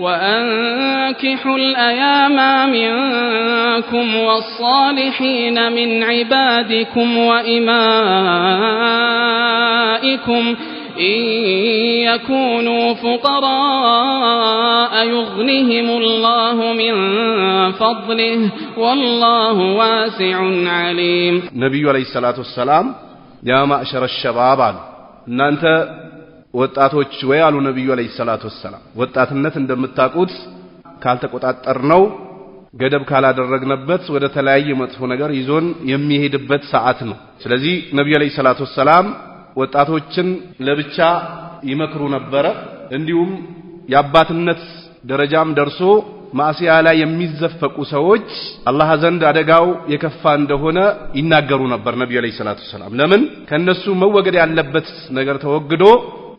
وأنكحوا الأيام منكم والصالحين من عبادكم وإمائكم إن يكونوا فقراء يغنهم الله من فضله والله واسع عليم نبي عليه الصلاة والسلام يا معشر الشباب أنت ወጣቶች ወይ አሉ ነቢዩ አለይሂ ሰላቱ ወሰላም። ወጣትነት እንደምታውቁት ነው ገደብ ካላደረግነበት ወደ ተለያየ መጥፎ ነገር ይዞን የሚሄድበት ሰዓት ነው። ስለዚህ ነቢዩ አለይሂ ሰላቱ ወሰላም ወጣቶችን ለብቻ ይመክሩ ነበረ። እንዲሁም የአባትነት ደረጃም ደርሶ ማዕሲያ ላይ የሚዘፈቁ ሰዎች አላህ ዘንድ አደጋው የከፋ እንደሆነ ይናገሩ ነበር ነቢዩ አለይሂ ሰላቱ ሰላም ለምን ከነሱ መወገድ ያለበት ነገር ተወግዶ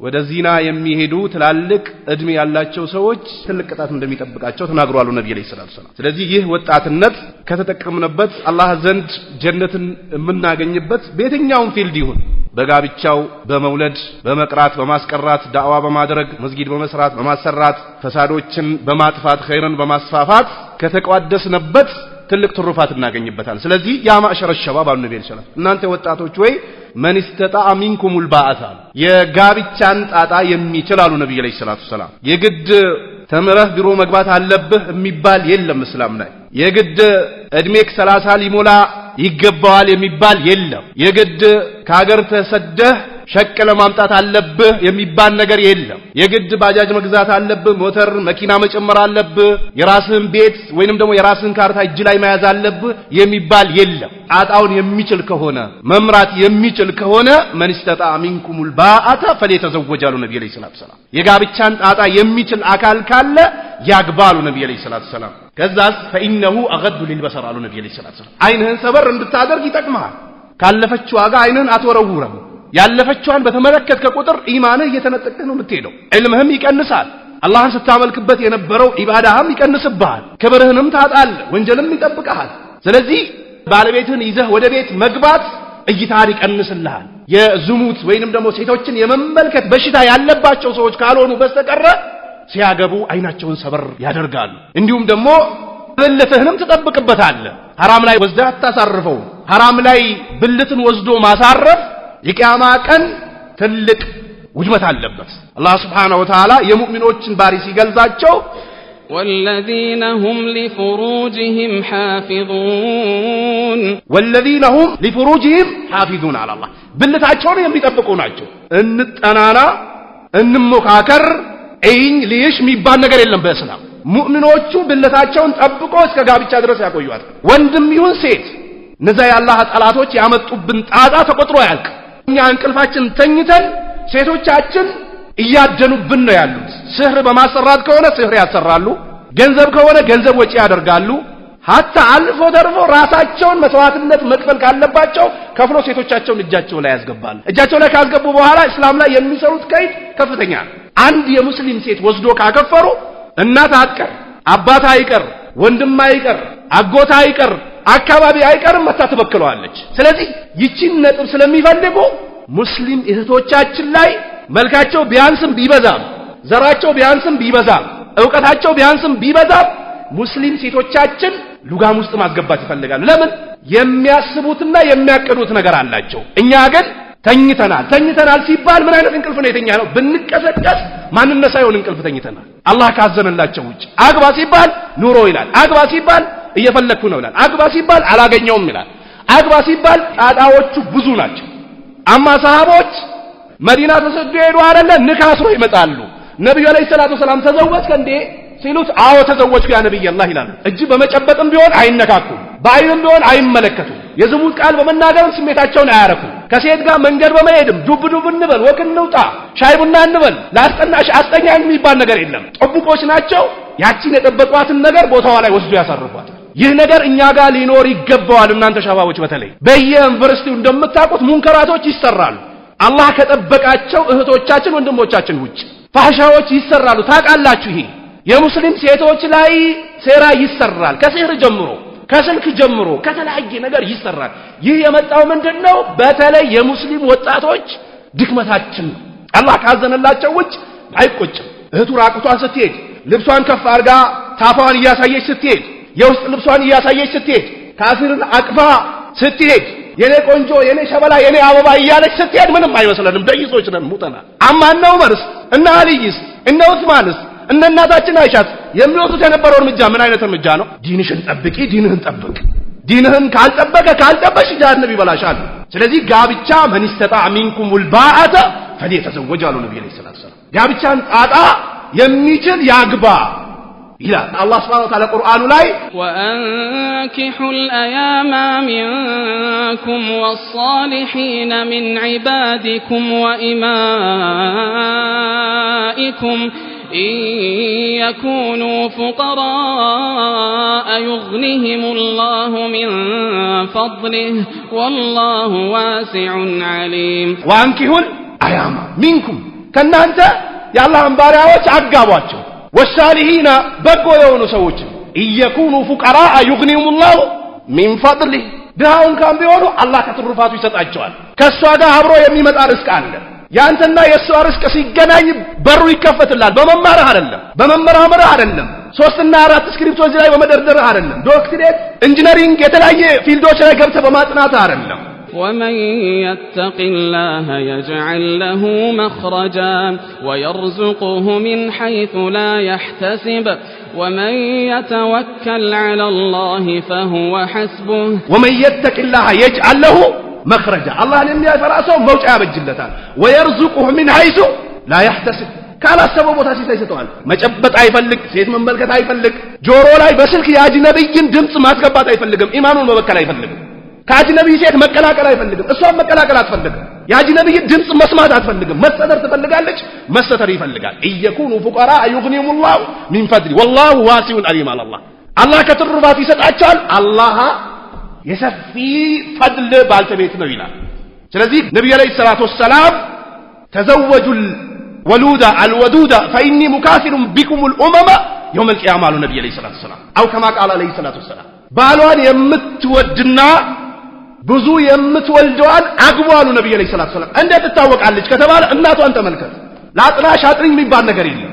ወደ ዚና የሚሄዱ ትላልቅ እድሜ ያላቸው ሰዎች ትልቅ ቅጣት እንደሚጠብቃቸው ተናግሯሉ ነብዩ ላይ ሰለላሁ ዐለይሂ ስለዚህ ይህ ወጣትነት ከተጠቀምንበት አላህ ዘንድ ጀነትን የምናገኝበት በየትኛውም ፊልድ ይሁን በጋብቻው፣ በመውለድ፣ በመቅራት፣ በማስቀራት፣ ዳዕዋ በማድረግ፣ መስጊድ በመስራት፣ በማሰራት፣ ፈሳዶችን በማጥፋት፣ ኸይርን በማስፋፋት ከተቋደስንበት ትልቅ ትሩፋት እናገኝበታል። ስለዚህ ያ ማዕሸረ ሸባብ አሉ ነቢ ሰላም እናንተ ወጣቶች ወይ መን ስተጣዐ ሚንኩሙል አሉ የጋብቻን ጣጣ የሚችል አሉ ነቢ ዐለይሂ ሰላቱ ሰላም የግድ ተምረህ ቢሮ መግባት አለብህ የሚባል የለም። እስላም ላይ የግድ ዕድሜክ ሰላሳ ሊሞላ ይገባዋል የሚባል የለም። የግድ ከሀገር ተሰደህ ሸቅ ለማምጣት አለብህ የሚባል ነገር የለም። የግድ ባጃጅ መግዛት አለብህ፣ ሞተር መኪና መጨመር አለብህ፣ የራስህን ቤት ወይንም ደግሞ የራስህን ካርታ እጅ ላይ መያዝ አለብህ የሚባል የለም። ጣጣውን የሚችል ከሆነ መምራት የሚችል ከሆነ መን ስተጣ ሚንኩሙል ባአተ ፈሊተዘወጅ አሉ ነብዩ ሰለላሁ ዐለይሂ ሰላም። የጋብቻን ጣጣ የሚችል አካል ካለ ያግባሉ ነብዩ ሰለላሁ ዐለይሂ ሰላም። ከዛስ ፈኢነሁ አገዱ ሊልበሰር አሉ ነብዩ ሰለላሁ ዐለይሂ ሰላም። አይንህን ሰበር እንድታደርግ ይጠቅምሃል። ካለፈች ዋጋ አይንህን አትወረውረም። ያለፈችዋን በተመለከትከ ቁጥር ኢማንህ እየተነጠቅህ ነው የምትሄደው። ዕልምህም ይቀንሳል። አላህን ስታመልክበት የነበረው ኢባዳህም ይቀንስብሃል። ክብርህንም ታጣለህ። ወንጀልም ይጠብቀሃል። ስለዚህ ባለቤትህን ይዘህ ወደ ቤት መግባት እይታህን ይቀንስልሃል። የዝሙት ወይንም ደግሞ ሴቶችን የመመልከት በሽታ ያለባቸው ሰዎች ካልሆኑ በስተቀረ ሲያገቡ አይናቸውን ሰበር ያደርጋሉ። እንዲሁም ደግሞ ብልትህንም ትጠብቅበታለህ። ሐራም ላይ ወስደህ አታሳርፈው። ሐራም ላይ ብልትን ወስዶ ማሳረፍ يكاماكن تلت وجبت على الله سبحانه وتعالى يمؤمن أجن باري سيقل والذين هم لفروجهم حافظون والذين هم لفروجهم حافظون على الله بل تعجون يمي تبقون عجو ان التنانا ان مخاكر عين ليش ميبان نقر اللهم بسلام مؤمن أجو بل تعجون تبقوا اسكا قابي تشادرس يا كويوات واندم يون سيت نزايا الله تعالى توجي عمد تبنت عادا تقطروا يعلك እኛ እንቅልፋችን ተኝተን ሴቶቻችን እያደኑብን ነው ያሉት። ስህር በማሰራት ከሆነ ስህር ያሰራሉ፣ ገንዘብ ከሆነ ገንዘብ ወጪ ያደርጋሉ። ሀታ አልፎ ተርፎ ራሳቸውን መስዋዕትነት መክፈል ካለባቸው ከፍሎ ሴቶቻቸውን እጃቸው ላይ ያስገባሉ። እጃቸው ላይ ካስገቡ በኋላ እስላም ላይ የሚሰሩት ቀይድ ከፍተኛ ነው። አንድ የሙስሊም ሴት ወስዶ ካከፈሩ እናት አትቀር፣ አባት አይቀር፣ ወንድም አይቀር፣ አጎታ አይቀር አካባቢ አይቀርም ትበክለዋለች። ስለዚህ ይቺን ነጥብ ስለሚፈልጉ ሙስሊም እህቶቻችን ላይ መልካቸው ቢያንስም ቢበዛም፣ ዘራቸው ቢያንስም ቢበዛም፣ እውቀታቸው ቢያንስም ቢበዛም ሙስሊም ሴቶቻችን ሉጋም ውስጥ ማስገባት ይፈልጋሉ። ለምን? የሚያስቡትና የሚያቅዱት ነገር አላቸው። እኛ ግን ተኝተናል። ተኝተናል ሲባል ምን አይነት እንቅልፍ ነው የተኛ ነው? ብንቀሰቀስ ማንነሳ ይሆን እንቅልፍ ተኝተናል። አላህ ካዘነላቸው ውጭ አግባ ሲባል ኑሮ ይላል። አግባ ሲባል እየፈለግኩ ነው ይላል። አግባ ሲባል አላገኘውም ይላል። አግባ ሲባል ጣጣዎቹ ብዙ ናቸው። አማ ሰሃቦች መዲና ተሰዶ ሄዱ አይደለ ንካስሮ ይመጣሉ። ነብዩ አለይሂ ሰላቱ ሰላም ተዘወጅከ እንዴ ሲሉት አዎ ተዘወጅኩ ያ ነብይ ይላሉ። እጅ በመጨበጥም ቢሆን አይነካኩም፣ በአይንም ቢሆን አይመለከቱም። የዝሙት ቃል በመናገርም ስሜታቸውን አያረኩም። ከሴት ጋር መንገድ በመሄድም ዱብ ዱብ እንበል፣ ወክ እንውጣ፣ ሻይ ቡና እንበል፣ ለአስጠናሽ አስጠኛ የሚባል ነገር የለም። ጥቡቆች ናቸው። ያቺን የጠበቋትን ነገር ቦታዋ ላይ ወስዶ ያሳርፏታል። ይህ ነገር እኛ ጋር ሊኖር ይገባዋል። እናንተ ሸባቦች በተለይ በየዩኒቨርሲቲው እንደምታውቁት ሙንከራቶች ይሰራሉ። አላህ ከጠበቃቸው እህቶቻችን ወንድሞቻችን ውጭ ፋህሻዎች ይሰራሉ። ታውቃላችሁ፣ ይሄ የሙስሊም ሴቶች ላይ ሴራ ይሰራል። ከሲህር ጀምሮ፣ ከስልክ ጀምሮ ከተለያየ ነገር ይሰራል። ይህ የመጣው ምንድን ነው? በተለይ የሙስሊም ወጣቶች ድክመታችን ነው። አላህ ካዘነላቸው ውጭ አይቆጭም። እህቱ ራቁቷን ስትሄድ ልብሷን ከፍ አድርጋ ታፋዋን እያሳየች ስትሄድ የውስጥ ልብሷን እያሳየች ስትሄድ፣ ካፊርን አቅፋ ስትሄድ፣ የኔ ቆንጆ፣ የኔ ሸበላ፣ የኔ አበባ እያለች ስትሄድ ምንም አይመስለንም። ደይሶች ነን፣ ሙተና አማ እነ ዑመርስ እነ አልይስ እነ ዑስማንስ እነ እናታችን አይሻት የሚወጡት የነበረው እርምጃ ምን አይነት እርምጃ ነው? ዲንሽን ጠብቂ፣ ዲንህን ጠብቅ። ዲንህን ካልጠበቀ ካልጠበሽ ጀሃነም ይበላሻል። ስለዚህ ጋብቻ መን ይስተጣ ሚንኩም ልባአተ ፈሊተዘወጅ አሉ ነቢ ለ ጋብቻን ጣጣ የሚችል ያግባ ይላል አላህ ስብሐ ወተዓላ ቁርአኑ ላይ وأنكحوا الأيام منكم والصالحين من عبادكم وإمائكم إن يكونوا فقراء يغنهم الله من فضله والله واسع عليم وأنكحوا الأيام منكم كنا أنت يا الله مبارك وش عقاباتهم ወሳሊሂና በጎ የሆኑ ሰዎች እየኩኑ ፉቀራአ ዩግኒሁም ላሁ ሚን ፈድሊህ ድሃው እንኳን ቢሆኑ አላህ ከትሩፋቱ ይሰጣቸዋል። ከእሷ ጋር አብሮ የሚመጣ ርስቅ አለ። ያንተና የእሷ ርስቅ ሲገናኝ በሩ ይከፈትላል። በመማርህ አይደለም፣ በመመራመርህ አይደለም፣ ሶስትና አራት እስክሪፕቶች ላይ በመደርደርህ አይደለም፣ ዶክትሬት ኢንጂነሪንግ፣ የተለያየ ፊልዶች ላይ ገብተህ በማጥናትህ አይደለም ومن يتق الله يجعل له مخرجا ويرزقه من حيث لا يحتسب ومن يتوكل على الله فهو حسبه ومن يتق الله يجعل له مخرجا الله لم يفرأ سوف موجع بجلتان ويرزقه من حيث لا يحتسب قال السبب بوتا سيسي ستوان ما جبت اي فلك سيد من بلقت اي فلك جورو لا بسلك يا جنبي دمت ما تقبات اي فلكم ايمان المبكال لا يفلكم ከአጅነቢይ ሴት መቀላቀል አይፈልግም። እሷም መቀላቀል አትፈልግም። የአጅነቢይ ድምፅ መስማት አትፈልግም። መሰተር ትፈልጋለች። መሰተር ይፈልጋል። እየኩኑ ፉቀራ ዩግኒሁም ላሁ ሚን ፈድሊ ወላሁ ዋሲዑን አሊም አላላ አላህ ከትሩፋት ይሰጣቸዋል። አላህ የሰፊ ፈድል ባልተቤት ነው ይላል። ስለዚህ ነቢዩ ዓለይሂ ሰላቱ ወሰላም ተዘወጁል ወሉዳ አልወዱዳ ፈኢኒ ሙካሲሩን ቢኩም ልኡመመ የውም ልቅያማ አሉ ነቢዩ ዓለይሂ ሰላቱ ወሰላም አው ከማ ቃል ዓለይሂ ሰላቱ ወሰላም ባሏን የምትወድና ብዙ የምትወልደዋን አግቡ አሉ ነብዩ ላይ ሰላቱ ሰላም። እንዴት ትታወቃለች ከተባለ እናቷን ተመልከት። ለአጥናሽ አጥሪኝ የሚባል ነገር የለም።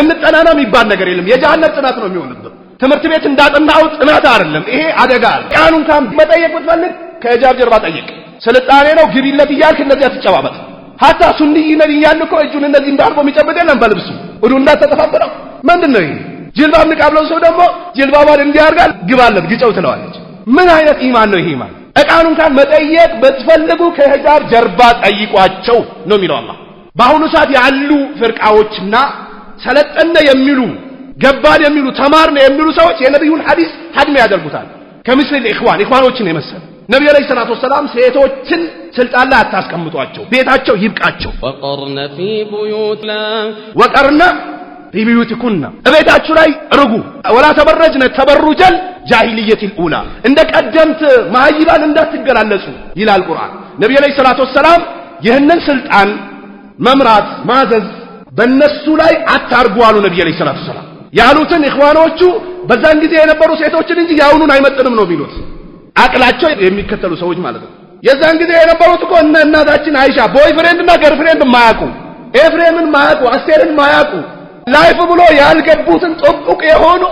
እንጠናና የሚባል ነገር የለም። የጀሃነም ጥናት ነው የሚሆንብህ። ትምህርት ቤት እንዳጠናው ጥናት አይደለም። ይሄ አደጋ አለ። ያን እንኳን መጠየቅ ብትፈልግ ከሂጃብ ጀርባ ጠይቅ። ስልጣኔ ነው ግቢለት እያልክ እንደዚህ አትጨባበጥ። ሀታ ሱንይ ነብይ ያለ እኮ እጁን እንደዚህ እንዳርጎ የሚጨብጥ የለም በልብሱ እዱ እንዳተጠፋበረው ምንድን ነው ይሄ? ጅልባብ ንቃብለው ሰው ደግሞ ጅልባቧን እንዲያርጋል ግባለት ግጨው ትለዋለች። ምን አይነት ኢማን ነው ይሄ ኢማን? ዕቃን እንኳን መጠየቅ ብትፈልጉ ከሂጃብ ጀርባ ጠይቋቸው ነው የሚለው አላህ። በአሁኑ ሰዓት ያሉ ፍርቃዎችና ሰለጠነ የሚሉ ገባን የሚሉ ተማርነ የሚሉ ሰዎች የነቢዩን ሐዲስ ሀድሜ ያደርጉታል። ከምስል ኢኽዋን ኢኽዋኖችን የመሰለ ነቢዩ ዓለይሂ ሰላቱ ወሰላም ሴቶችን ስልጣን ላይ አታስቀምጧቸው፣ ቤታቸው ይብቃቸው። ወቀርነ ፊ ቡዩት ወቀርነ ቢቢዩቲኩና እቤታችሁ ላይ ርጉ። ወላ ተበረጅነ ተበሩጀል ጃሂልየቲል ኡላ እንደ ቀደምት መሀይባን እንዳትገላለጹ ይላል ቁርአን። ነቢዩ ዓለይሂ ሰላቱ ወሰላም ይህንን ስልጣን መምራት ማዘዝ በእነሱ ላይ አታርጉ አሉ። ነቢዩ ዓለይሂ ሰላቱ ወሰላም ያሉትን ኢኽዋኖቹ በዛን ጊዜ የነበሩ ሴቶችን እንጂ የአሁኑን አይመጥንም ነው የሚሉት አቅላቸው የሚከተሉ ሰዎች ማለት ነው። የዛን ጊዜ የነበሩት እኮ እነ እናታችን አይሻ ቦይፍሬንድና ገርፍሬንድ ማያውቁ ኤፍሬምን ማያውቁ አስቴርን ማያውቁ ላይፍ ብሎ ያልገቡትን ጥብቅ የሆኑ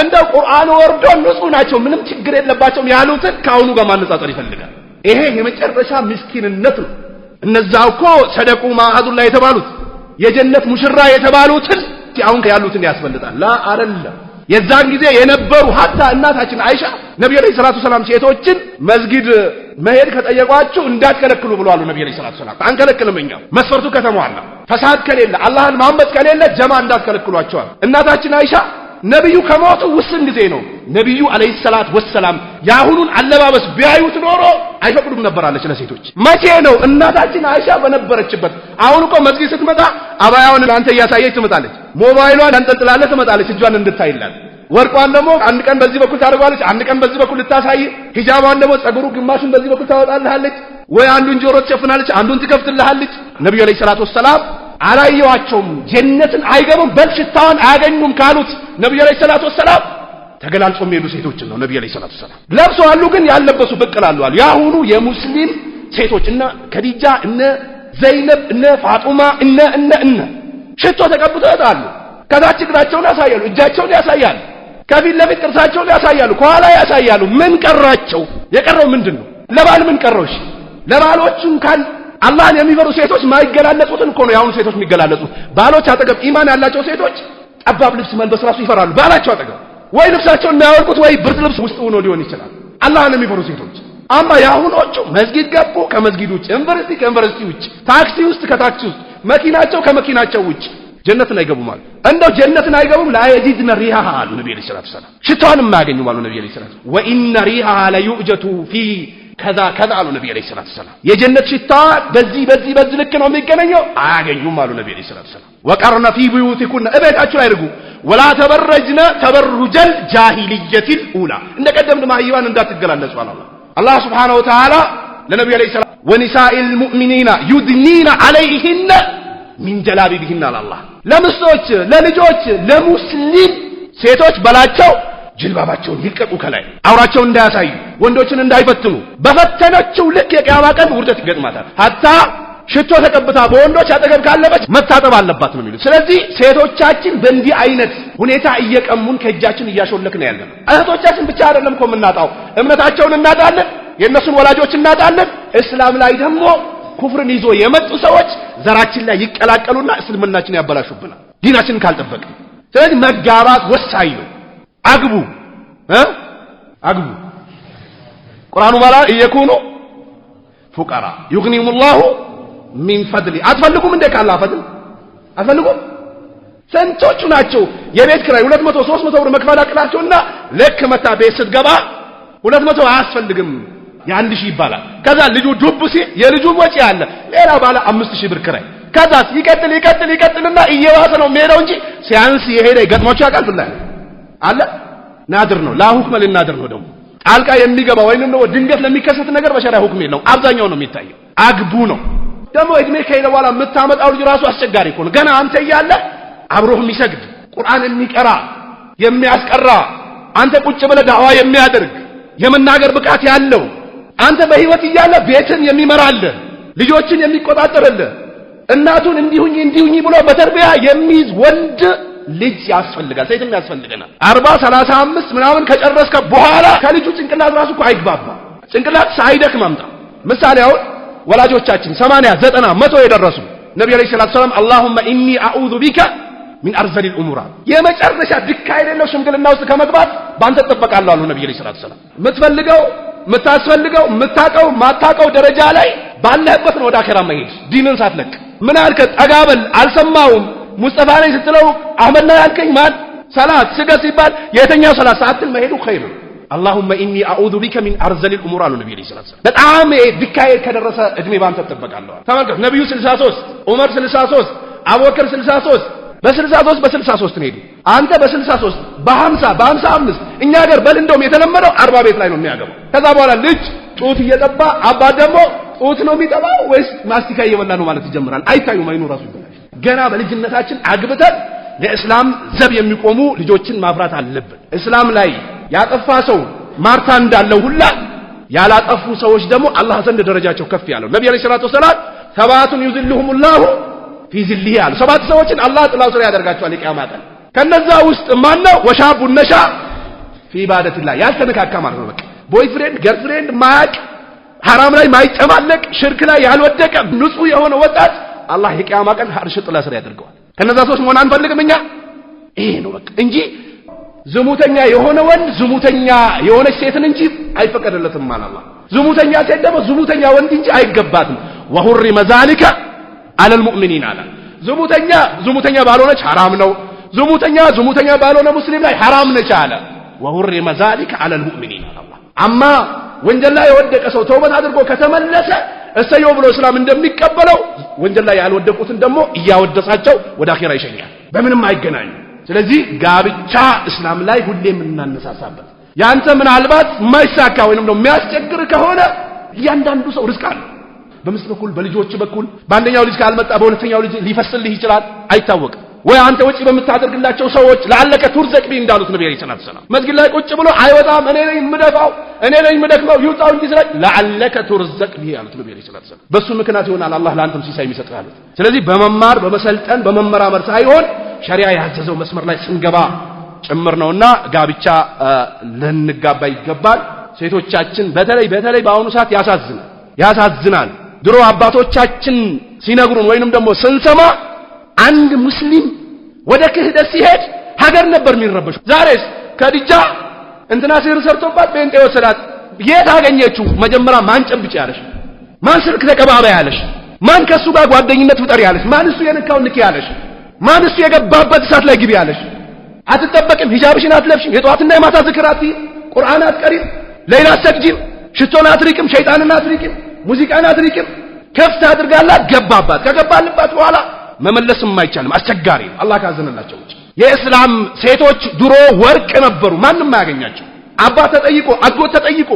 እንደ ቁርአን ወርዶ ንጹህ ናቸው ምንም ችግር የለባቸውም ያሉትን ከአሁኑ ጋር ማነጻጸር ይፈልጋል። ይሄ የመጨረሻ ምስኪንነት ነው። እነዛ እኮ ሰደቁ ማአህዱላ የተባሉት የጀነት ሙሽራ የተባሉትን አሁን ያሉትን ያስበልጣል ላ አደለም የዛን ጊዜ የነበሩ ሀታ እናታችን አይሻ ነብዩ ላይ ሰላቱ ሰላም ሴቶችን መስጊድ መሄድ ከጠየቋችሁ እንዳትከለክሉ ብለዋል ነብዩ ላይ ሰላቱ ሰላም። አንከለክልም እኛ መስፈርቱ ከተሟላ ፈሳድ ከሌለ አላህን ማመጽ ከሌለ ጀማ እንዳትከለክሏቸዋል። እናታችን አይሻ ነብዩ ከሞቱ ውስን ጊዜ ነው። ነብዩ አለይሂ ሰላት ወሰላም የአሁኑን አለባበስ ቢያዩት ኖሮ አይፈቅዱም ነበር አለች ለሴቶች። መቼ ነው እናታችን አይሻ በነበረችበት? አሁን እኮ መስጊድ ስትመጣ አባያውን ለአንተ እያሳየች ትመጣለች። ሞባይሏን ተንጠልጥላለ ትመጣለች እጇን እንድታይላት። ወርቋን ደግሞ አንድ ቀን በዚህ በኩል ታደርጓለች፣ አንድ ቀን በዚህ በኩል ልታሳይ። ሂጃቧን ደግሞ ጸጉሩ ግማሹን በዚህ በኩል ታወጣልሃለች፣ ወይ አንዱን ጆሮ ትሸፍናለች፣ አንዱን ትከፍትልሃለች። ነቢዩ ዓለይሂ ሰላቱ ወሰላም አላየዋቸውም ጀነትን አይገቡም በልሽታዋን አያገኙም ካሉት ነቢዩ ዓለይሂ ሰላቱ ወሰላም ተገላልጾ የሚሄዱ ሴቶችን ነው ነቢዩ ዓለይሂ ሰላቱ ወሰላም አሉ፣ ግን ያልለበሱ ብቅ ይላሉ አሉ። የአሁኑ የሙስሊም ሴቶች እነ ከዲጃ እነ ዘይነብ እነ ፋጡማ እነ እነ እነ ሽቶ ተቀብተው ይወጣሉ። ከታች እግራቸውን ያሳያሉ፣ እጃቸውን ያሳያሉ፣ ከፊት ለፊት ጥርሳቸውን ያሳያሉ፣ ከኋላ ያሳያሉ። ምን ቀራቸው? የቀረው ምንድን ነው? ለባል ምን ቀረው? እሺ ለባሎቹ እንኳን አላህን የሚፈሩ ሴቶች ማይገላለጹትን እኮ ነው የአሁኑ ሴቶች የሚገላለጹት። ባሎች አጠገብ ኢማን ያላቸው ሴቶች ጠባብ ልብስ መልበስ ራሱ ይፈራሉ። ባላቸው አጠገብ ወይ ልብሳቸውን የሚያወልቁት ወይ ብርድ ልብስ ውስጥ ሆኖ ሊሆን ይችላል። አላህን የሚፈሩ ሴቶች አማ የአሁኖቹ መስጊድ ገቡ፣ ከመስጊድ ውጭ፣ ዩኒቨርሲቲ ከዩኒቨርሲቲ ውጭ፣ ታክሲ ውስጥ ከታክሲ ውስጥ፣ መኪናቸው ከመኪናቸው ውጭ ጀነትን አይገቡም አሉ። እንደው ጀነትን አይገቡም ላየጂድነ ሪሃሃ አሉ ነቢ ዐለይሂ ሰላቱ ሰላም። ሽታዋን የማያገኙም አሉ ነቢ ዐለይሂ ሰላቱ ሰላም። ወኢነ ሪሃሃ ለዩዕጀቱ ፊ ከዛ ከዛ አሉ ነቢ ዐለይሂ ሰላቱ ሰላም። የጀነት ሽታ በዚህ በዚህ በዚህ ልክ ነው የሚገናኘው አያገኙም አሉ ነቢ ዐለይሂ ሰላቱ ሰላም። ወቀርነ ፊ ቡዩቲኩነ እቤታችሁ ላይ አድርጉ ወላ ተበረጅነ ተበሩጀል ጃሂልየቲል ኡላ እንደ ቀደምት ማህይባን እንዳትገላለጹ አላላ አላህ ስብሓነሁ ወተዓላ ለነቢ ዓለይሂ ሰላም ወኒሳኢል ሙእሚኒና ዩድኒና ዓለይሂነ ሚን ጀላቢቢሂነ አላህ ለሚስቶች፣ ለልጆች፣ ለሙስሊም ሴቶች በላቸው ጅልባባቸውን ይልቀቁ፣ ከላይ አውራቸውን እንዳያሳዩ፣ ወንዶችን እንዳይፈትኑ። በፈተነችው ልክ የቅያማ ቀን ውርደት ይገጥማታል። ሀታ ሽቶ ተቀብታ በወንዶች አጠገብ ካለበች መታጠብ አለባት ነው የሚሉት። ስለዚህ ሴቶቻችን በእንዲህ አይነት ሁኔታ እየቀሙን ከእጃችን እያሾለክ ነው ያለነው። እህቶቻችን ብቻ አይደለም እኮ የምናጣው፣ እምነታቸውን እናጣለን፣ የእነሱን ወላጆች እናጣለን። እስላም ላይ ደግሞ ኩፍርን ይዞ የመጡ ሰዎች ዘራችን ላይ ይቀላቀሉና እስልምናችን ያበላሹብናል፣ ዲናችንን ካልጠበቅን። ስለዚህ መጋባት ወሳኝ ነው። አግቡ አግቡ ቁርአኑ ማለት እየኩኑ ፉቀራ ዩግኒሁሙላሁ ሚን ፈድሊ አትፈልጉም እንዴ? ካላ ፈድል አትፈልጉም? ስንቶቹ ናቸው የቤት ኪራይ 200 300 ብር መክፈል አቅላቸውና ልክ መታ ቤት ስትገባ 200 አያስፈልግም የአንድ ሺህ ይባላል። ከዛ ልጁ ዱብ ሲል የልጁ ወጪ አለ፣ ሌላ ባለ 5000 ብር ኪራይ። ከዛ ይቀጥል ይቀጥል ይቀጥልና እየባሰ ነው የሚሄደው እንጂ ሲያንስ የሄደ ገጥሟቸው ያውቃል። ፍላ አለ ናድር ነው ላሁክመ ልናድር ነው ደግሞ ጣልቃ የሚገባ ወይንም ድንገት ለሚከሰት ነገር በሸሪያ ሁክም የለውም። አብዛኛው ነው የሚታየው አግቡ ነው ደግሞ እድሜ ከሄደ በኋላ የምታመጣው ልጅ ራሱ አስቸጋሪ እኮ ነው። ገና አንተ እያለ አብሮህ የሚሰግድ ቁርአን የሚቀራ የሚያስቀራ አንተ ቁጭ ብለ ዳዋ የሚያደርግ የመናገር ብቃት ያለው አንተ በህይወት እያለ ቤትን የሚመራል ልጆችን የሚቆጣጠርል እናቱን እንዲሁኝ እንዲሁኝ ብሎ በተርቢያ የሚይዝ ወንድ ልጅ ያስፈልጋል። ሴትም ያስፈልገናል። አርባ ሰላሳ አምስት ምናምን ከጨረስከ በኋላ ከልጁ ጭንቅላት ራሱ እኮ አይግባባ። ጭንቅላት ሳይደክም አምጣ። ምሳሌ አሁን ወላጆቻችን 80 90 መቶ የደረሱ ነቢ ዐለይሂ ሰላቱ ሰላም አላሁመ ኢኒ አዑዙ ቢከ ሚን አርዘል ልኡሙራ የመጨረሻ ድካ የሌለው ሽምግልና ውስጥ ከመግባት ባንተ ተጠበቃለሁ አሉ ነቢ ዐለይሂ ሰላቱ ሰላም። የምትፈልገው የምታስፈልገው የምታውቀው ማታቀው ደረጃ ላይ ባለህበት ነው ወደ አኼራ መሄድ ዲንን ሳትለቅ። ምን አልከ ጠጋበል አልሰማውም። ሙስጠፋ ነኝ ስትለው አህመድ ነው ያልከኝ። ማን ሰላት ስገድ ሲባል የተኛው ሰላት ሰዓትን መሄዱ ኸይር ነው። አላሁመ ኢኒ አዑዙ ቢከ ሚን አርዘሊል ኡሙር አሉ ነቢ ዐለይሂ ሰላም። በጣም ቢካሄድ ከደረሰ እድሜ ባንተ ትጠበቃለህ። ተመልከቱ ነቢዩ 63 ዑመር 63 አቡበክር 63 በ63 በ63 ነው ሄዱ። አንተ በ63 በ50 በ55 እኛ ሀገር በል እንደውም የተለመደው አርባ ቤት ላይ ነው የሚያገባው። ከዛ በኋላ ልጅ ጡት እየጠባ አባት ደግሞ ጡት ነው የሚጠባው ወይስ ማስቲካ እየበላ ነው ማለት ይጀምራል። አይታዩም፣ አይኑ ራሱ ይበላል። ገና በልጅነታችን አግብተን ለእስላም ዘብ የሚቆሙ ልጆችን ማፍራት አለብን። እስላም ላይ ያጠፋ ሰው ማርታ እንዳለው ሁላ ያላጠፉ ሰዎች ደግሞ አላህ ዘንድ ደረጃቸው ከፍ ያለው ነቢ አለይሂ ሰላቱ ወሰላም ሰባቱን ዩዝልሁሙላሁ ፊ ዚልህ አሉ። ሰባት ሰዎችን አላህ ጥላው ስራ ያደርጋቸዋል የቂያማ ቀን። ከነዛ ውስጥ ማን ነው? ወሻቡን ነሻ ፊ ኢባደቲላህ ያልተነካካ ማለት ነው። በቃ ቦይፍሬንድ ገርፍሬንድ ማያቅ ሐራም ላይ ማይጨማለቅ ሽርክ ላይ ያልወደቀ ንጹህ የሆነ ወጣት አላህ የቂያማ ቀን አርሽ ጥላ ስራ ያደርገዋል። ከነዛ ሰዎች መሆን አንፈልግም እኛ። ይሄ ነው በቃ እንጂ ዝሙተኛ የሆነ ወንድ ዝሙተኛ የሆነች ሴትን እንጂ አይፈቀደለትም ማለት አላህ። ዝሙተኛ ሴት ደግሞ ዝሙተኛ ወንድ እንጂ አይገባትም። ወሁሪመ ዛሊከ አለል ሙእሚኒን አለ። ዝሙተኛ ዝሙተኛ ባልሆነች ሐራም ነው። ዝሙተኛ ዝሙተኛ ባልሆነ ሙስሊም ላይ ሐራም ነች አለ። ወሁሪመ ዛሊከ አለል ሙእሚኒን አለ። አማ ወንጀል ላይ የወደቀ ሰው ተውበት አድርጎ ከተመለሰ እሰየው ብሎ እስላም እንደሚቀበለው ወንጀል ላይ ያልወደቁትን ደግሞ እያወደሳቸው ወደ አኼራ ይሸኛል። በምንም አይገናኙ ስለዚህ ጋብቻ እስላም ላይ ሁሌም እናነሳሳበት። ያንተ ምናልባት የማይሳካ ወይንም ደግሞ የሚያስቸግር ከሆነ እያንዳንዱ ሰው ርዝቅ አለ። በምስት በኩል በልጆች በኩል በአንደኛው ልጅ ካልመጣ በሁለተኛው ልጅ ሊፈስልህ ይችላል፣ አይታወቅም። ወይ አንተ ወጪ በምታደርግላቸው ሰዎች ለአለቀ ቱርዘቅ ቢ እንዳሉት ነቢ ዐለይሂ ሰላቱ ሰላም መስጊድ ላይ ቁጭ ብሎ አይወጣም። እኔ ነኝ የምደፋው፣ እኔ ነኝ የምደክመው፣ ይውጣው እንጂ ስለ ለአለከ ቱርዘቅ ቢ ያሉት ነቢ ዐለይሂ ሰላቱ ሰላም በሱ ምክንያት ይሆናል አላህ ለአንተም ሲሳይ የሚሰጥ ያሉት። ስለዚህ በመማር በመሰልጠን በመመራመር ሳይሆን ሸሪዓ ያዘዘው መስመር ላይ ስንገባ ጭምር ነውና ጋብቻ ልንጋባ ይገባል። ሴቶቻችን በተለይ በተለይ በአሁኑ ሰዓት ያሳዝናል ያሳዝናል። ድሮ አባቶቻችን ሲነግሩን ወይንም ደግሞ ስንሰማ አንድ ሙስሊም ወደ ክህደት ሲሄድ ሀገር ነበር የሚረበሹ። ዛሬስ ከድጃ እንትና ሲህር ሰርቶባት በእንጤ ወሰዳት። የት አገኘችው? መጀመሪያ ማን ጨብጭ ያለሽ? ማን ስልክ ተቀባባ ያለሽ? ማን ከሱ ጋር ጓደኝነት ፍጠር ያለሽ? ማን እሱ የነካው ንክ ያለሽ? ማን እሱ የገባበት እሳት ላይ ግቢ ያለሽ? አትጠበቅም። ሂጃብሽን አትለብሽም። የጠዋትና የማታ ዝክር አትይ፣ ቁርአን አትቀሪም፣ ሌይል አትሰግጂም፣ ሽቶን አትሪቅም፣ ሸይጣንን አትሪቅም፣ ሙዚቃን አትሪቅም። ከፍት አድርጋላት ገባባት። ከገባልባት በኋላ መመለስም አይቻልም። አስቸጋሪ ነው፣ አላህ ካዘነላቸው ውጭ። የእስላም ሴቶች ድሮ ወርቅ ነበሩ፣ ማንም አያገኛቸው። አባት ተጠይቆ አጎት ተጠይቆ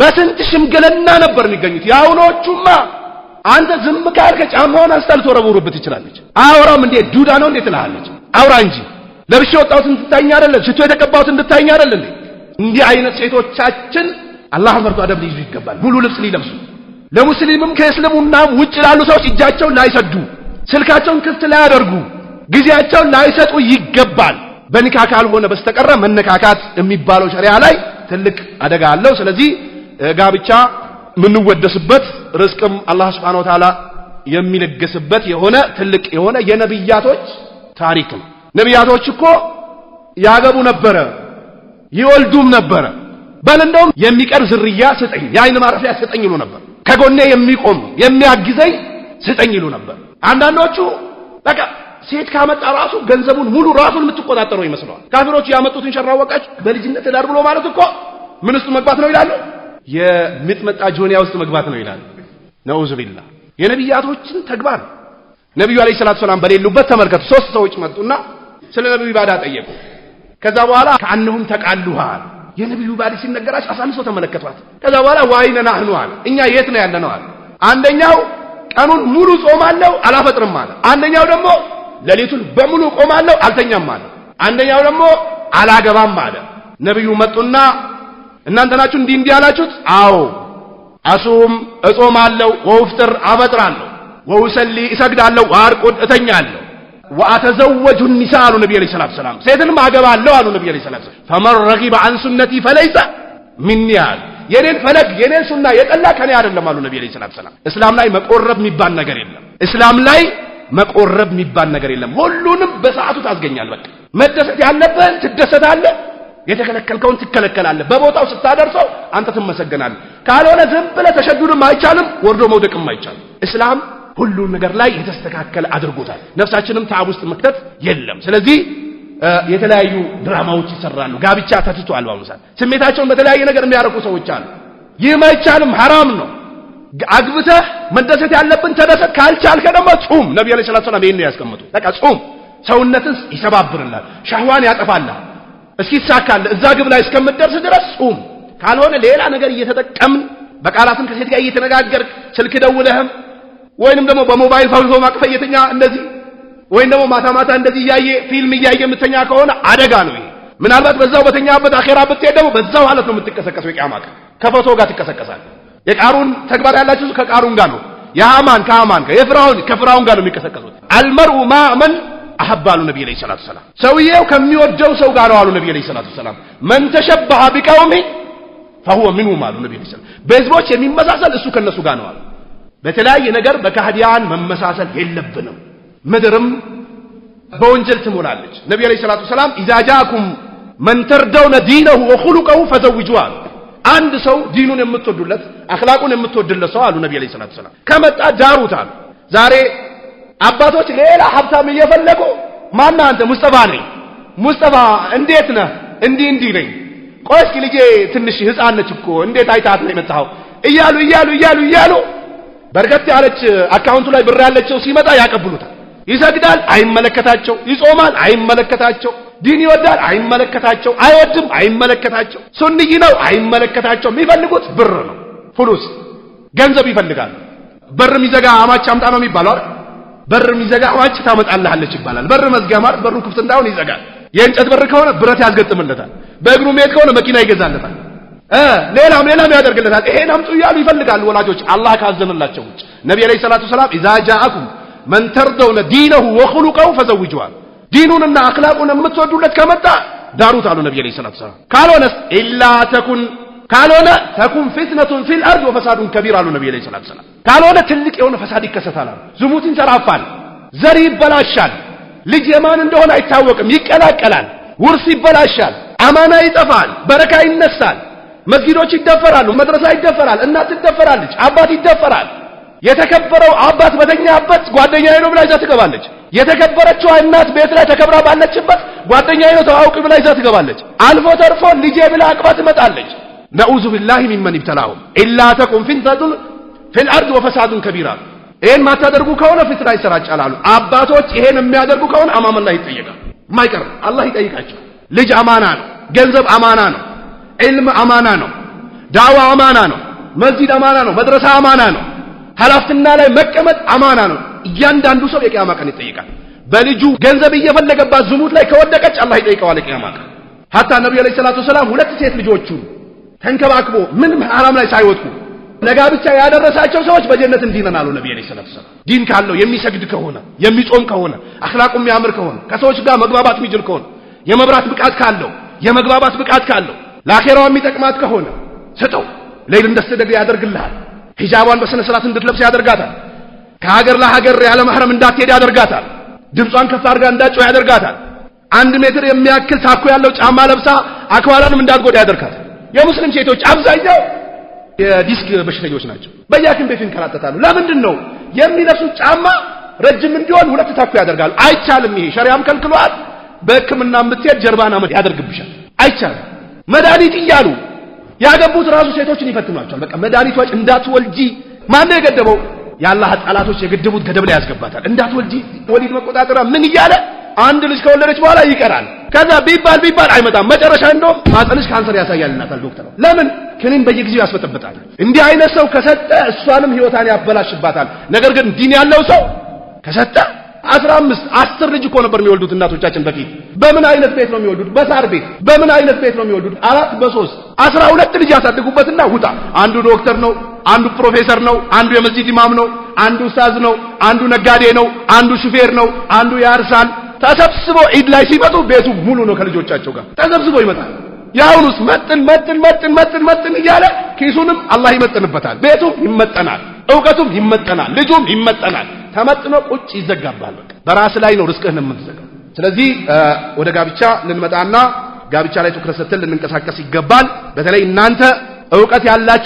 በስንት ሽምግልና ነበር የሚገኙት። የአሁኖቹማ አንተ ዝም ካልከ ጫማውን አንስታ ልትወረውርበት ይችላለች። አውራም እንዴ ዱዳ ነው እንዴ ትልሃለች። አውራ እንጂ ለብሼ ወጣሁት እንድታኝ አይደለም፣ ሽቶ የተቀባሁት እንድታኝ አይደለም። እንዲህ አይነት ሴቶቻችን አላህ መርቶ አደብ ሊይዙ ይገባል። ሙሉ ልብስ ሊለብሱ ለሙስሊምም ከእስልምናም ውጭ ላሉ ሰዎች እጃቸውን ላይሰዱ ስልካቸውን ክፍት ላያደርጉ፣ ጊዜያቸውን ላይሰጡ ይገባል። በኒካ ካልሆነ በስተቀረ መነካካት የሚባለው ሸሪያ ላይ ትልቅ አደጋ አለው። ስለዚህ ጋብቻ የምንወደስበት ርዝቅም አላህ ስብሓነሁ ወተዓላ የሚለገስበት የሆነ ትልቅ የሆነ የነቢያቶች ታሪክ ነው። ነቢያቶች እኮ ያገቡ ነበረ፣ ይወልዱም ነበረ። በል እንደውም የሚቀር ዝርያ ስጠኝ፣ የአይን ማረፊያ ስጠኝ ይሉ ነበር። ከጎኔ የሚቆም የሚያግዘኝ ስጠኝ ይሉ ነበር። አንዳንዶቹ በቃ ሴት ካመጣ ራሱ ገንዘቡን ሙሉ ራሱን የምትቆጣጠረው ይመስለዋል። ካፊሮቹ ያመጡትን ሸራወቃች በልጅነት ትዳር ብሎ ማለት እኮ ምን ውስጥ መግባት ነው ይላሉ። የሚጥመጣ ጆንያ ውስጥ መግባት ነው ይላሉ። ነዑዙ ቢላ የነቢያቶችን ተግባር ነቢዩ አለይሂ ሰላቱ ሰላም በሌሉበት ተመልከቱ። ሶስት ሰዎች መጡና ስለ ነቢዩ ባዳ ጠየቁ። ከዛ በኋላ ከአንሁም ተቃሉሃል የነቢዩ ባዳ ሲነገራች አሳንሶ ተመለከቷት። ከዛ በኋላ ዋይነ ናህኑ አለ እኛ የት ነው ያለነው አለ አንደኛው ቀኑን ሙሉ ጾማለሁ አላፈጥርም አለ። አንደኛው ደግሞ ሌሊቱን በሙሉ ቆማለሁ አልተኛም አለ። አንደኛው ደግሞ አላገባም አለ። ነቢዩ መጡና እናንተ ናችሁ እንዲህ እንዲህ ያላችሁት? አዎ አሱም እጾማለሁ፣ ወውፍጥር አፈጥራለሁ፣ ወውሰሊ እሰግዳለሁ፣ ዋርቁድ እተኛለሁ፣ ወአተዘወጁ ኒሳ አሉ ነቢ ዐለይሂ ሰላቱ ሰላም። ሴትንም አገባለሁ አሉ ነቢ ዐለይሂ ሰላቱ ሰላም። ፈመን ረጊበ አን ሱነቲ ፈለይሰ ሚኒ አሉ የኔን ፈለግ የኔን ሱና የጠላ ከኔ አይደለም አሉ ነቢ ዐለይሂ ሰላም። እስላም ላይ መቆረብ የሚባል ነገር የለም። እስላም ላይ መቆረብ የሚባል ነገር የለም። ሁሉንም በሰዓቱ ታስገኛል። በቃ መደሰት ያለብህን ትደሰታለህ፣ የተከለከልከውን ትከለከላለህ። በቦታው ስታደርሰው አንተ ትመሰገናለህ። ካልሆነ ዝም ብለህ ተሸዱድም አይቻልም፣ ወርዶ መውደቅም አይቻልም። እስላም ሁሉን ነገር ላይ የተስተካከለ አድርጎታል። ነፍሳችንም ታብ ውስጥ መክተት የለም። ስለዚህ የተለያዩ ድራማዎች ይሰራሉ። ጋብቻ ተትቷል። በአሁኑ ሰዓት ስሜታቸውን በተለያየ ነገር የሚያረኩ ሰዎች አሉ። ይህ መቻልም ሐራም ነው። አግብተህ መደሰት ያለብን ተደሰት፣ ካልቻልከ ደግሞ ጹም። ነብዩ አለይሂ ሰላቱ ሰላም ይሄን ያስቀምጡ። በቃ ጹም ሰውነትን ይሰባብርላል፣ ሻህዋን ያጠፋላል። እስኪሳካልህ እዛ ግብ ላይ እስከምትደርስ ድረስ ጹም። ካልሆነ ሌላ ነገር እየተጠቀምን በቃላትም ከሴት ጋር እየተነጋገርክ ስልክ ደውለህም ወይንም ደግሞ በሞባይል ፈልፎ ማቅፈየተኛ እንደዚህ ወይም ደግሞ ማታ ማታ እንደዚህ እያየ ፊልም እያየ የምተኛ ከሆነ አደጋ ነው ይሄ። ምናልባት በዛው በተኛበት አኼራ ብትሄድ ደግሞ በዛው ሐለት ነው የምትቀሰቀሰው። የቂያማ ቀን ከፈቶ ጋር ትቀሰቀሳል። የቃሩን ተግባር ያላችሁ ከቃሩን ጋር ነው፣ የሃማን ከሃማን ጋር፣ የፍራውን ከፍራውን ጋር ነው የሚቀሰቀሱት። አልመርኡ ማዕመን አህባ አሉ ነቢ ዐለይሂ ሰላቱ ሰላም። ሰውየው ከሚወደው ሰው ጋር ነው አሉ ነቢ ዐለይሂ ሰላቱ ሰላም። መን ተሸበሀ ቢቀውሚ ፈሁወ ሚንሁም አሉ ነቢ ዐለይሂ ሰላም። በህዝቦች የሚመሳሰል እሱ ከነሱ ጋር ነው አሉ። በተለያየ ነገር በካህዲያን መመሳሰል የለብንም። ምድርም በወንጀል ትሞላለች። ነቢ ዓለይሂ ሰላቱ ሰላም ኢዛ ጃኩም መን ተርደውነ ዲነሁ ወኹሉቀሁ ፈዘውጁ አሉ። አንድ ሰው ዲኑን የምትወዱለት አኽላቁን የምትወድለት ሰው አሉ ነቢ ዓለይሂ ሰላቱ ሰላም ከመጣ ዳሩት አሉ። ዛሬ አባቶች ሌላ ሀብታም እየፈለጉ ማና አንተ ሙስጠፋ ነኝ ሙስጠፋ እንዴት ነህ? እንዲህ እንዲህ ነኝ። ቆይ እስኪ ልጄ ትንሽ ሕፃን ነች እኮ እንዴት አይታት ነው የመጣኸው? እያሉ እያሉ እያሉ እያሉ በርከት ያለች አካውንቱ ላይ ብር ያለችው ሲመጣ ያቀብሉታል። ይሰግዳል፣ አይመለከታቸው። ይጾማል፣ አይመለከታቸው። ዲን ይወዳል፣ አይመለከታቸው። አይወድም፣ አይመለከታቸው። ሱንይ ነው፣ አይመለከታቸው። የሚፈልጉት ብር ነው፣ ፍሉስ፣ ገንዘብ ይፈልጋል። በር የሚዘጋ አማች አምጣ ነው የሚባለው አይደል? በር የሚዘጋ አማች ታመጣልሃለች ይባላል። በር መዝጊያ ማለት በሩ ክፍት እንዳይሆን ይዘጋል። የእንጨት በር ከሆነ ብረት ያስገጥምለታል። በእግሩ መሄድ ከሆነ መኪና ይገዛለታል። ሌላም ሌላም ያደርግለታል። ይሄን አምጡ እያሉ ይፈልጋሉ ወላጆች፣ አላህ ካዘነላቸው ውጭ። ነቢ ዓለይሂ ሰላቱ ሰላም ኢዛ ጃአኩም መን ተርደውነ ዲነሁ ወኹሉቀሁ ፈዘውጅዋል። ዲኑንና አክላቁን የምትወዱለት ከመጣ ዳሩት አሉ ነቢ ዐለይሂ ሰላቱ ሰላም። ካልሆነስ ኢላ ተኩን ካልሆነ ተኩን ፊትነቱን ፊል አርድ ወፈሳዱን ከቢር አሉ ነቢ ዐለይሂ ሰላቱ ሰላም። ካልሆነ ትልቅ የሆነ ፈሳድ ይከሰታል አሉ። ዝሙት ይንሰራፋል፣ ዘር ይበላሻል፣ ልጅ የማን እንደሆነ አይታወቅም፣ ይቀላቀላል፣ ውርስ ይበላሻል፣ አማና ይጠፋል፣ በረካ ይነሳል፣ መስጊዶች ይደፈራሉ፣ መድረሳ ይደፈራል፣ እናት ትደፈራለች፣ አባት ይደፈራል። የተከበረው አባት በተኛበት ጓደኛዬ ነው ብላ ይዛ ትገባለች። የተከበረችው እናት ቤት ላይ ተከብራ ባለችበት ጓደኛዬ ነው ተዋውቅ ብላ ይዛ ትገባለች። አልፎ ተርፎ ልጄ ብላ አቅባ ትመጣለች። ነዑዙ ቢላሂ ሚመን ይብተላሁም ኢላ ተቁም ፊትነቱን ፊል አርድ ወፈሳዱን ከቢራ። ይህን ማታደርጉ ከሆነ ፊትና ይሰራጫል አሉ አባቶች። ይሄን የሚያደርጉ ከሆነ አማመላ ይጠየቃል። ማይቀር አላህ ይጠይቃቸው። ልጅ አማና ነው፣ ገንዘብ አማና ነው፣ ዒልም አማና ነው፣ ዳዋ አማና ነው፣ መስጂድ አማና ነው፣ መድረሳ አማና ነው። ሀላፍትና ላይ መቀመጥ አማና ነው። እያንዳንዱ ሰው የቂያማ ቀን ይጠይቃል። በልጁ ገንዘብ እየፈለገባት ዝሙት ላይ ከወደቀች አላህ ይጠይቀዋል የቂያማ ቀን። ሀታ ነቢዩ ዓለይሂ ሰላቱ ወሰላም ሁለት ሴት ልጆቹን ተንከባክቦ ምንም ሐራም ላይ ሳይወጥቁ ለጋብቻ ያደረሳቸው ሰዎች በጀነት እንዲነን አሉ ነቢዩ ዓለይሂ ሰላቱ ወሰላም። ዲን ካለው የሚሰግድ ከሆነ የሚጾም ከሆነ አኽላቁ የሚያምር ከሆነ ከሰዎች ጋር መግባባት የሚችል ከሆነ የመብራት ብቃት ካለው የመግባባት ብቃት ካለው ለአኼራዋ የሚጠቅማት ከሆነ ስጠው ለይል እንደስተደግ ያደርግልሃል። ሂጃቧን በሥነ ሥርዓት እንድትለብስ ያደርጋታል። ከሀገር ለሀገር ያለ መህረም እንዳትሄድ ያደርጋታል። ድምጿን ከፍ አድርጋ እንዳጮ ያደርጋታል። አንድ ሜትር የሚያክል ታኮ ያለው ጫማ ለብሳ አካሏንም እንዳትጎዳ ያደርጋታል። የሙስሊም ሴቶች አብዛኛው የዲስክ በሽተኞች ናቸው። በየሐኪም ቤት ይንከራተታሉ። ለምንድን ነው የሚለብሱት ጫማ ረጅም እንዲሆን ሁለት ታኩ ያደርጋሉ? አይቻልም። ይሄ ሸሪያም ከልክሏል። በህክምና የምትሄድ ጀርባን አመድ ያደርግብሻል። አይቻልም። መድኃኒት እያሉ ያገቡት ራሱ ሴቶችን ይፈትኗቸዋል። በቃ መድኃኒቷች እንዳትወልጂ ነው የገደበው? የአላህ ጠላቶች የገደቡት ገደብ ላይ ያስገባታል። እንዳትወልጂ ወሊድ መቆጣጠሪያ ምን እያለ አንድ ልጅ ከወለደች በኋላ ይቀራል። ከዛ ቢባል ቢባል አይመጣም። መጨረሻ እንደውም ማጠንሽ ካንሰር ያሳያልናታል ዶክተር። ለምን ክኒን በየጊዜው ያስፈጠበታል። እንዲህ አይነት ሰው ከሰጠ እሷንም ህይወታን ያበላሽባታል። ነገር ግን ዲን ያለው ሰው ከሰጠ አስራ አምስት አስር ልጅ እኮ ነበር የሚወልዱት እናቶቻችን በፊት በምን አይነት ቤት ነው የሚወልዱት? በሳር ቤት። በምን አይነት ቤት ነው የሚወልዱት? አራት በሶስት አስራ ሁለት ልጅ ያሳድጉበትና ውጣ። አንዱ ዶክተር ነው፣ አንዱ ፕሮፌሰር ነው፣ አንዱ የመስጂድ ኢማም ነው፣ አንዱ ሳዝ ነው፣ አንዱ ነጋዴ ነው፣ አንዱ ሹፌር ነው፣ አንዱ ያርሳል። ተሰብስበው ዒድ ላይ ሲመጡ ቤቱ ሙሉ ነው ከልጆቻቸው ጋር ተሰብስበው ይመጣል። የአሁኑስ መጥን መጥን መጥን መጥን መጥን እያለ ኪሱንም አላህ ይመጥንበታል። ቤቱም ይመጠናል፣ እውቀቱም ይመጠናል፣ ልጁም ይመጠናል። ተመጥኖ ቁጭ ይዘጋባል። በቃ በራስ ላይ ነው ርስቅህን የምትዘጋው። ስለዚህ ወደ ጋብቻ ልንመጣና ጋብቻ ላይ ትኩረት ሰጥተን ልንንቀሳቀስ ይገባል። በተለይ እናንተ እውቀት ያላችሁ